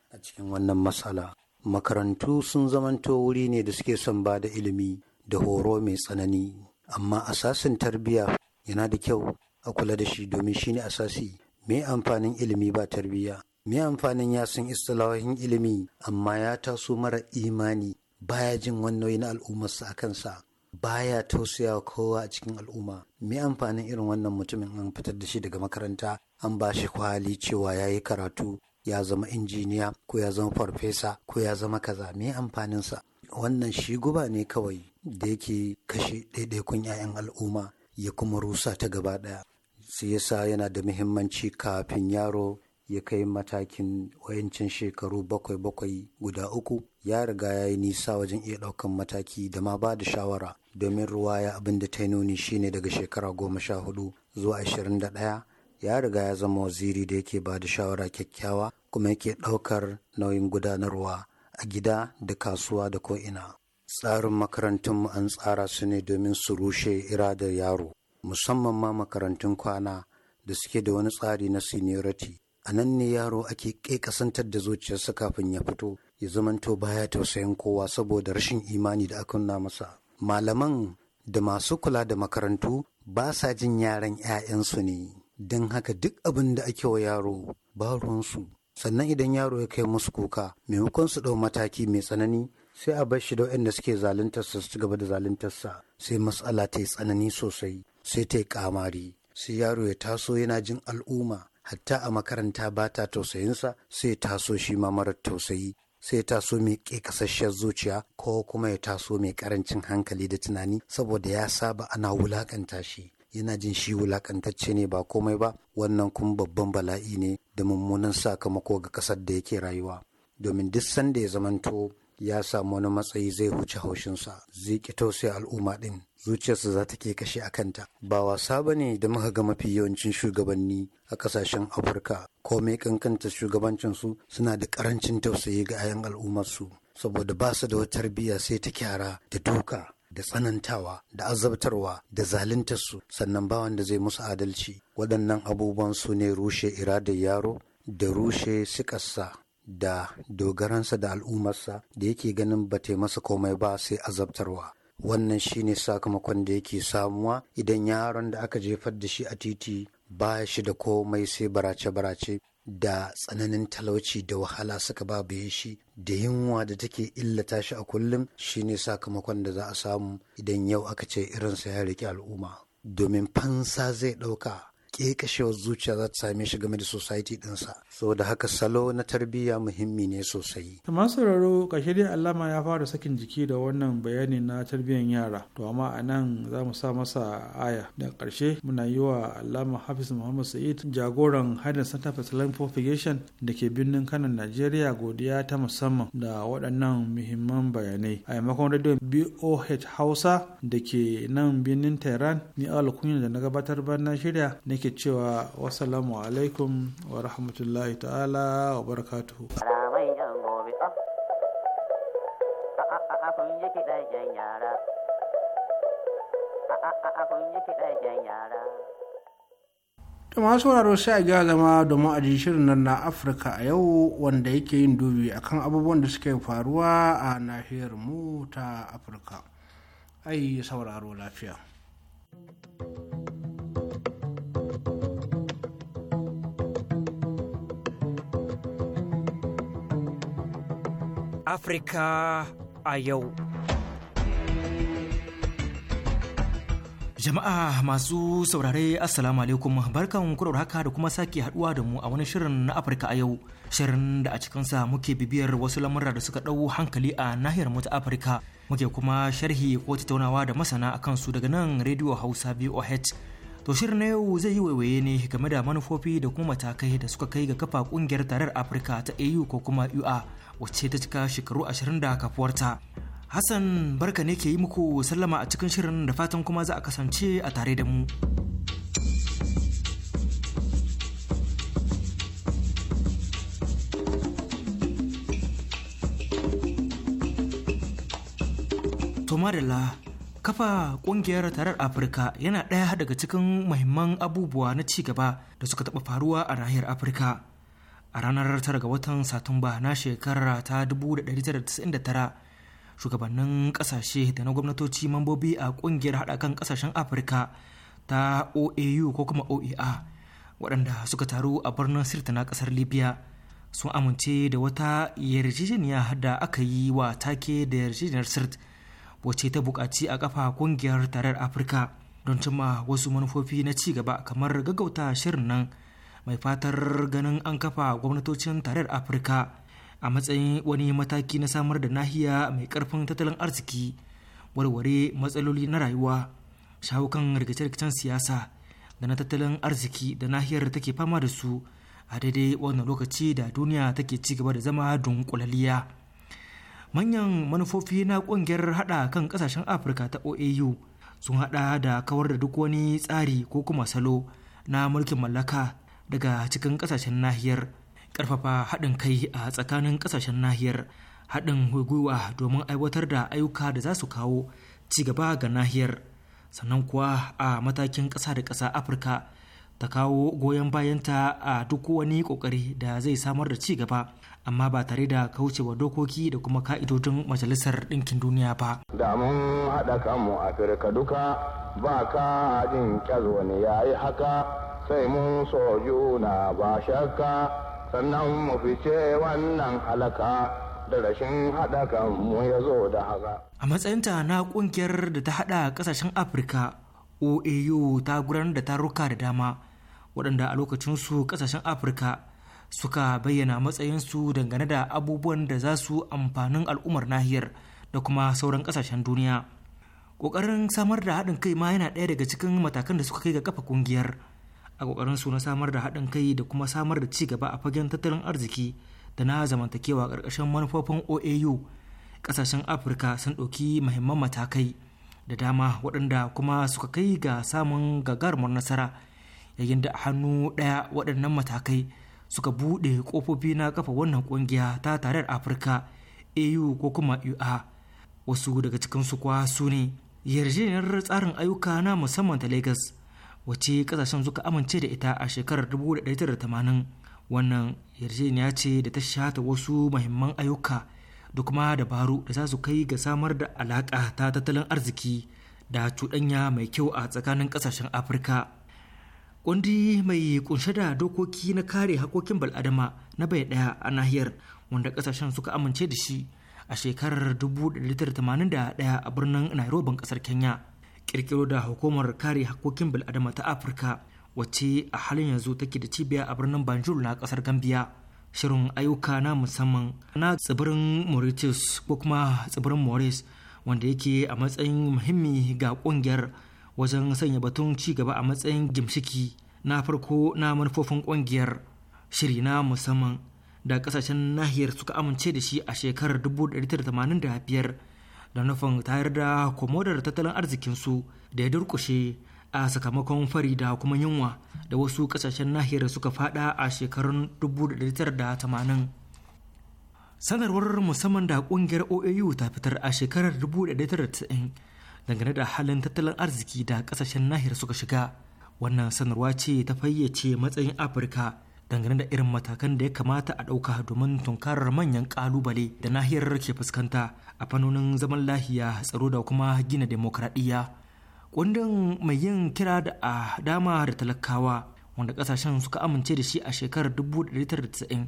a cikin wannan matsala makarantu sun zamanto wuri ne da suke son ba da ilimi da horo mai tsanani amma asasin tarbiyya yana da kyau a kula da shi domin shi ne asasi me amfanin ilimi ba tarbiyya me amfanin ya san istilahohin ilimi amma ya taso mara imani baya jin wannan na al'ummarsa a kansa baya tausaya kowa a cikin al'umma me amfanin irin wannan mutumin an fitar da shi daga makaranta an ba shi kwali cewa ya yi karatu ya zama injiniya ko ya zama farfesa ko ya zama kaza me amfaninsa wannan shi guba ne kawai da yake kashe ɗaiɗaikun 'ya'yan al'umma ya kuma rusa ta gaba ɗaya sai yasa yana da muhimmanci kafin yaro ya kai matakin wayancin shekaru bakwai bakwai guda uku ya riga ya yi nisa wajen iya ɗaukan mataki da ma ba da shawara domin ruwaya abin da ta nuni shine daga shekara goma sha hudu zuwa ashirin da ɗaya ya riga ya zama waziri da yake ba da shawara kyakkyawa kuma yake ɗaukar nauyin gudanarwa a gida da kasuwa da ko'ina tsarin makarantunmu an tsara su ne domin su rushe iradar yaro musamman ma makarantun kwana da suke da wani tsari na seniority a nan ne yaro ake ƙeƙasantar da zuciyarsa kafin ya fito ya zamanto baya tausayin kowa saboda rashin imani da aka nuna masa malaman da masu kula da makarantu ba sa jin yaran 'ya'yansu ne don haka duk abin da ake wa yaro ba ruwansu sannan idan yaro ya kai musu kuka maimakon su ɗau mataki mai tsanani sai a bar shi da waɗanda suke zaluntarsa su gaba da zaluntarsa sai matsala ta yi tsanani sosai sai ta yi kamari sai yaro ya taso yana jin al'umma hatta a makaranta ba ta tausayinsa sai taso shi ma mara tausayi sai taso mai kasasshiyar zuciya ko kuma ya taso mai karancin hankali da tunani saboda ya saba ana wulakanta shi yana jin shi wulakantacce ne ba komai ba wannan kuma babban bala'i ne da mummunan sakamako ga kasar da yake rayuwa domin duk sanda ya zamanto ya samu wani matsayi zai huce haushinsa zai ki tausaya al'umma din zuciyarsa za ta ke kashe a kanta ba wasa ba ne da muka ga mafi yawancin shugabanni a ƙasashen afirka ko mai kankanta shugabancinsu suna da ƙarancin tausayi ga 'ya'yan al'ummarsu saboda ba su da wata tarbiyya sai ta kyara da duka da tsanantawa da azabtarwa da zaluntarsu sannan ba wanda zai musu adalci waɗannan abubuwan su ne rushe iradar yaro da rushe sikarsa da dogaransa da al'ummarsa da yake ganin ba masa komai ba sai azabtarwa wannan shine sakamakon da yake samuwa idan yaron da aka jefar da shi a titi ba shi da komai sai barace-barace da tsananin talauci da wahala suka babaye shi da yunwa da take illata shi a kullum shine sakamakon da za a samu idan yau aka ce irinsa ya riƙe al'umma domin fansa zai ɗauka kekashewar zuciya za ta same shi game da society dinsa saboda haka salo na tarbiyya muhimmi ne sosai kamar sauraro kashe dai allama ya fara sakin jiki da wannan bayani na tarbiyyar yara to amma a nan za mu sa masa aya da karshe muna yi wa allama hafiz muhammad sa'id jagoran hadin center for islamic propagation da ke birnin kano nigeria godiya ta musamman da waɗannan muhimman bayanai a maimakon radio boh hausa da ke nan birnin tehran ni alkunya da na gabatar ban na shirya nake nake cewa wasalamu alaikum wa rahmatullahi ta'ala wa barakatuhu da ah, ah, ah, masu sauraro sai a gaya zama domin a shirin nan na afirka a yau wanda yake yin dubi akan abubuwan da suke faruwa a nahiyar mu ta afirka ai sauraro lafiya thank you Afirka a yau. Jama'a masu saurare Assalamu alaikum barkan kurar haka da kuma sake haduwa da mu a wani shirin na Afirka a yau shirin da a cikinsa muke bibiyar wasu lamurra da suka ɗau hankali a nahiyar mu ta Afirka muke kuma sharhi ko tattaunawa da masana a kansu daga nan Radio Hausa BOH to shirin na yau zai yi waiwaye ne game da manufofi da kuma matakai da suka kai ga kafa kungiyar tarar Afirka ta AU ko kuma UA wacce ta cika shekaru ashirin da kafuwarta hassan barka ne ke yi muku sallama a cikin shirin da fatan kuma za a kasance a tare da mu tomarilla kafa kungiyar tarar afirka yana ɗaya daga cikin mahimman abubuwa na cigaba da suka taɓa faruwa a nahiyar afirka a ranar 9 ga watan satumba na shekara ta 1999 shugabannin kasashe da na gwamnatoci mambobi a kungiyar haɗa kan kasashen afirka ta oau ko kuma oea waɗanda suka taru a birnin sirta na ƙasar libya sun amince da wata yarjejeniya da aka yi wa take da yarjejeniyar sirt wacce ta buƙaci a kafa kungiyar tarar afirka don cimma wasu manufofi na ci gaba kamar gaggauta shirin nan mai fatar ganin an kafa gwamnatocin tarayyar afirka a matsayin wani mataki na samar da nahiya mai karfin tattalin arziki warware matsaloli na rayuwa shawo kan rikice-rikicen siyasa da na tattalin arziki da nahiyar take fama da su a daidai wannan lokaci da duniya take ci gaba da zama dunkulaliya manyan manufofi na kungiyar hada kan kasashen afirka ta oau sun hada da kawar da duk wani tsari ko kuma salo na mulkin mallaka daga cikin kasashen nahiyar karfafa haɗin kai a tsakanin kasashen nahiyar haɗin gwiwa domin aiwatar da ayyuka da za su kawo ci gaba ga nahiyar sannan kuwa a matakin ƙasa da ƙasa afirka ta kawo goyon bayanta a duk wani ƙoƙari da zai samar da ci gaba amma ba tare da kaucewa dokoki da kuma ka'idodin majalisar ɗinkin duniya ba. Da mun haɗa kanmu Afirka duka ba ka jin ƙyar wani ya yi haka sai mun so juna ba shakka sannan mu fice wannan halaka da rashin kan mu ya zo da haka. A matsayinta na ƙungiyar da ta haɗa ƙasashen Afirka OAU ta gudanar da taruka da dama waɗanda a lokacinsu ƙasashen Afirka suka bayyana matsayin su dangane da abubuwan da za su amfanin al'ummar nahiyar da kuma sauran ƙasashen duniya. Ƙoƙarin samar da haɗin kai ma yana ɗaya daga cikin matakan da suka kai ga kafa ƙungiyar. a kokarin su na samar da haɗin kai da kuma samar da ci gaba a fagen tattalin arziki da na zamantakewa ƙarƙashin manufofin oau ƙasashen afirka sun ɗauki muhimman matakai da dama waɗanda kuma suka kai ga samun gagarumar nasara yayin da hannu ɗaya waɗannan matakai suka buɗe ƙofofi na kafa wannan ƙungiya ta tarayyar afirka au ko kuma ua wasu daga cikinsu kwa su ne yarjejeniyar tsarin ayyuka na musamman ta lagos wace kasashen suka amince da ita a shekarar 1980 wannan yarjejeniya ce da ta shata wasu mahimman ayyuka da kuma dabaru da za su kai ga samar da alaƙa ta tattalin arziki da cuɗanya mai kyau a tsakanin ƙasashen afirka kundi mai kunshe da dokoki na kare hakokin bal'adama na bai ɗaya a nahiyar wanda kasashen suka amince da shi a shekarar 1981 a birnin nairobi ƙasar kenya kirkiro da hukumar kare Hakokin bil'adama ta afirka wacce a halin yanzu take da cibiya a birnin banjul na kasar gambia shirin ayyuka na musamman na tsibirin mauritius ko kuma tsibirin maurice wanda yake a matsayin muhimmi ga kungiyar wajen sanya batun ci gaba a matsayin gimshiki na farko na manufofin kungiyar shiri na musamman da kasashen nahiyar suka amince da shi a shekarar 1985 da nufin tayar da komodar tattalin arzikinsu da ya durkushe a sakamakon fari da kuma yunwa da wasu kasashen nahiyar suka fada a shekarun 1980 sanarwar musamman da kungiyar oau ta fitar a shekarar 1990 dangane da halin tattalin arziki da kasashen nahiyar suka shiga wannan sanarwa ce ta fayyace matsayin afirka dangane da irin matakan da ya kamata a ɗauka domin tunkarar manyan ƙalubale da nahiyar ke fuskanta a fannonin zaman lahiya tsaro da kuma gina demokradiyya kundin mai yin kira da a dama da talakawa wanda ƙasashen suka amince da shi a shekarar 1990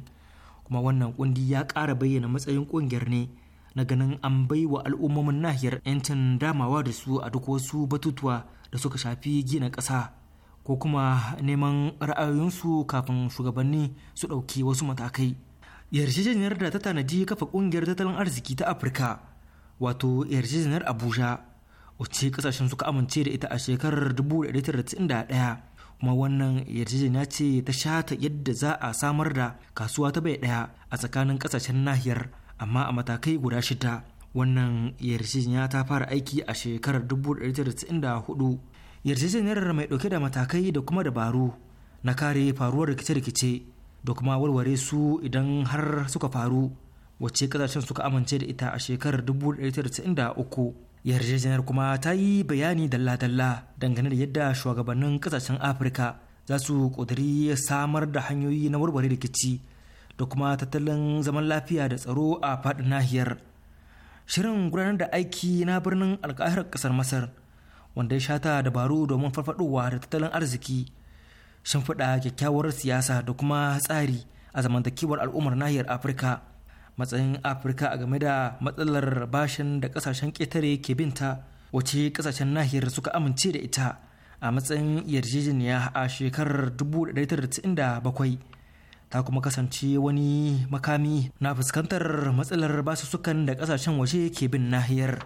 kuma wannan kundi ya ƙara bayyana matsayin ƙungiyar ne na ganin an bai wa al'ummomin nahiyar 'yancin damawa da su a duk wasu batutuwa da suka shafi gina ƙasa ko kuma neman ra'ayoyinsu kafin shugabanni su ɗauki wasu matakai yarjejeniyar da ta tanadi kafa ƙungiyar tattalin arziki ta afirka wato yarjejeniyar abuja wacce ƙasashen suka amince da ita a shekarar 1991 kuma wannan yarjejeniya ce ta shata yadda za a samar da kasuwa ta bai ɗaya a tsakanin ƙasashen nahiyar amma a matakai guda shida wannan yarjejeniya ta fara aiki a shekarar 1994 yarjejeniyar mai ɗauke da matakai da kuma dabaru na kare faruwar rikice-rikice da kuma warware su idan har suka faru wacce kasashen suka amince da ita a shekarar uku yarjejeniyar kuma ta yi bayani dalla-dalla dangane da yadda shugabannin kasashen afirka za su ƙudiri samar da hanyoyi na warware rikici da kuma tattalin zaman lafiya da tsaro a faɗin nahiyar shirin gudanar da aiki na birnin alkahirar ƙasar masar wanda ya shata dabaru domin farfaɗowa da tattalin arziki shimfiɗa kyakkyawar siyasa da kuma tsari a zamantakewar al'ummar nahiyar afirka matsayin afirka a game da matsalar bashin da kasashen ƙetare ke binta wace kasashen nahiyar suka amince da ita a matsayin yarjejeniya a shekarar 1997 ta kuma kasance wani makami na fuskantar matsalar basussukan da kasashen waje ke bin nahiyar.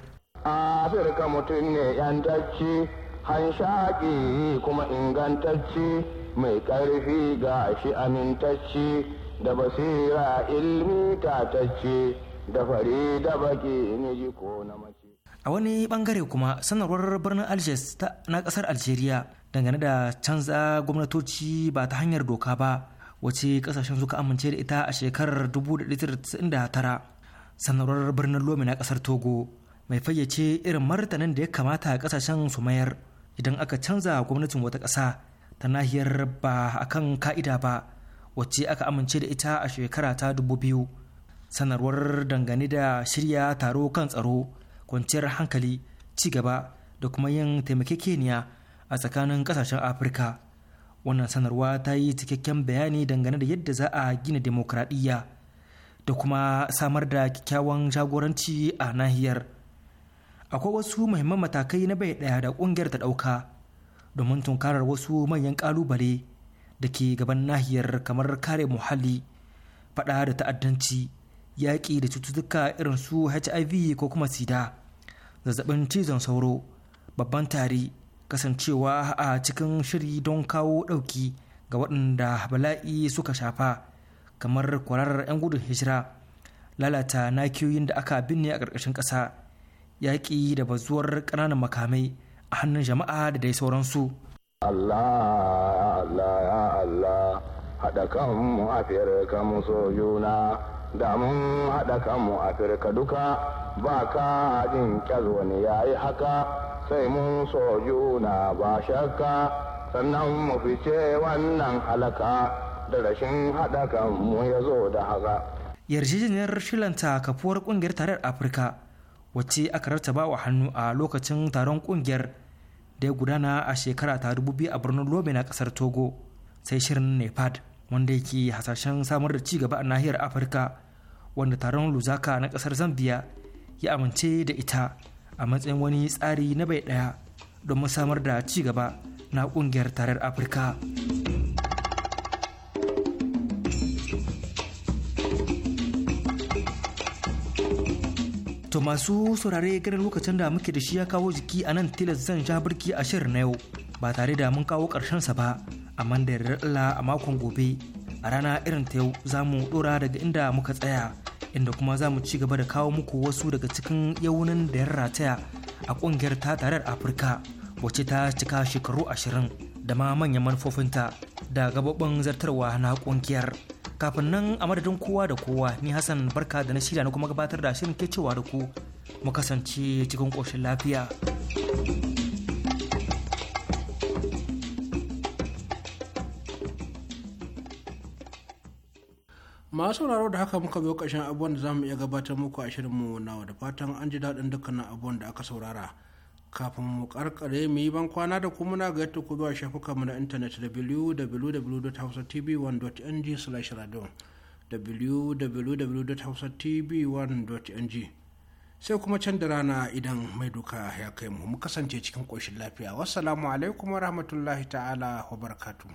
Afirka mutum ne yantacci, hanshaƙi kuma ingantacci, mai ƙarfi ga shi amintacci, da basira ilmi tatacci, da fari da baki ne ko na mace. A wani bangare kuma sanarwar birnin Algiers na ƙasar Algeria dangane da canza gwamnatoci ba ta hanyar doka ba wace kasashen suka amince da ita a shekarar 1999 sanarwar birnin lomi na ƙasar Togo mai fayyace irin martanin da ya kamata kasashen su mayar idan aka canza gwamnatin wata ƙasa ta nahiyar ba a kan ka'ida ba wacce aka amince da ita a shekara ta dubu biyu sanarwar dangane da shirya taro kan tsaro kwanciyar hankali ci gaba da kuma yin taimakekeniya a tsakanin kasashen afirka wannan sanarwa ta yi cikakken bayani dangane da yadda za a gina demokradiyya da kuma samar da kyakkyawan jagoranci a nahiyar akwai wasu muhimman matakai na bai ɗaya da ƙungiyar ta ɗauka domin tunkarar wasu manyan ƙalubale da ke gaban nahiyar kamar kare muhalli faɗa da ta'addanci yaƙi da cututtuka irin su hiv ko kuma sida zazzabin cizon sauro babban tari kasancewa a cikin shiri don kawo ɗauki ga waɗanda bala'i suka shafa kamar kwararar 'yan gudun hijira lalata nakiyoyin da aka binne a ƙarƙashin ƙasa yaƙi da bazuwar ƙananan makamai a hannun jama'a da dai sauransu. Allah Allah ya Allah haɗa kanmu Afirka ka so juna da mun haɗa kanmu Afirka duka ba ka jin wani ya yi haka sai mun so juna ba shakka sannan mu fice wannan halaka da rashin haɗa kanmu ya zo da haka. Yarjejeniyar shilanta kafuwar ƙungiyar tarayyar Afirka wacce aka rattaba wa hannu a lokacin taron kungiyar da ya gudana a shekara ta biyu a birnin lobe na kasar togo sai shirin nepad wanda yake hasashen samar da ci gaba a nahiyar afirka wanda taron luzaka na kasar zambia ya amince da ita a matsayin wani tsari na bai daya domin samar da ci gaba na kungiyar tarar afirka. To masu saurare ganin lokacin da muke da shi ya kawo jiki a nan tilas zan ja birki a shirin na yau ba tare da mun kawo sa ba amma da yarda Allah a makon gobe a rana irin ta yau za mu ɗora daga inda muka tsaya inda kuma za mu ci gaba da kawo muku wasu daga cikin yawunan da ya rataya a ƙungiyar ta tarar Afirka wacce ta cika shekaru ashirin da ma manyan manufofinta da gababban zartarwa na ƙungiyar. kafin nan a madadin kowa da kowa ni hassan barka da na shirya na kuma gabatar da shirin ke cewa da ku mu kasance cikin koshin lafiya masu sauraro da haka muka biyo ƙarshen abubuwan da za mu iya gabatar muku a shirinmu na da fatan an ji daɗin dukkanin abubuwan da aka saurara kafin mu karkare mu yi ban kwana da kuma na gayyata ku zuwa shafukanmu na intanet www.hausatv1.ng slash radio www.hausatv1.ng sai kuma can da rana idan mai duka ya kai mu mu kasance cikin ƙoshin lafiya wassalamu alaikum wa rahmatullahi ta'ala wa barakatuhu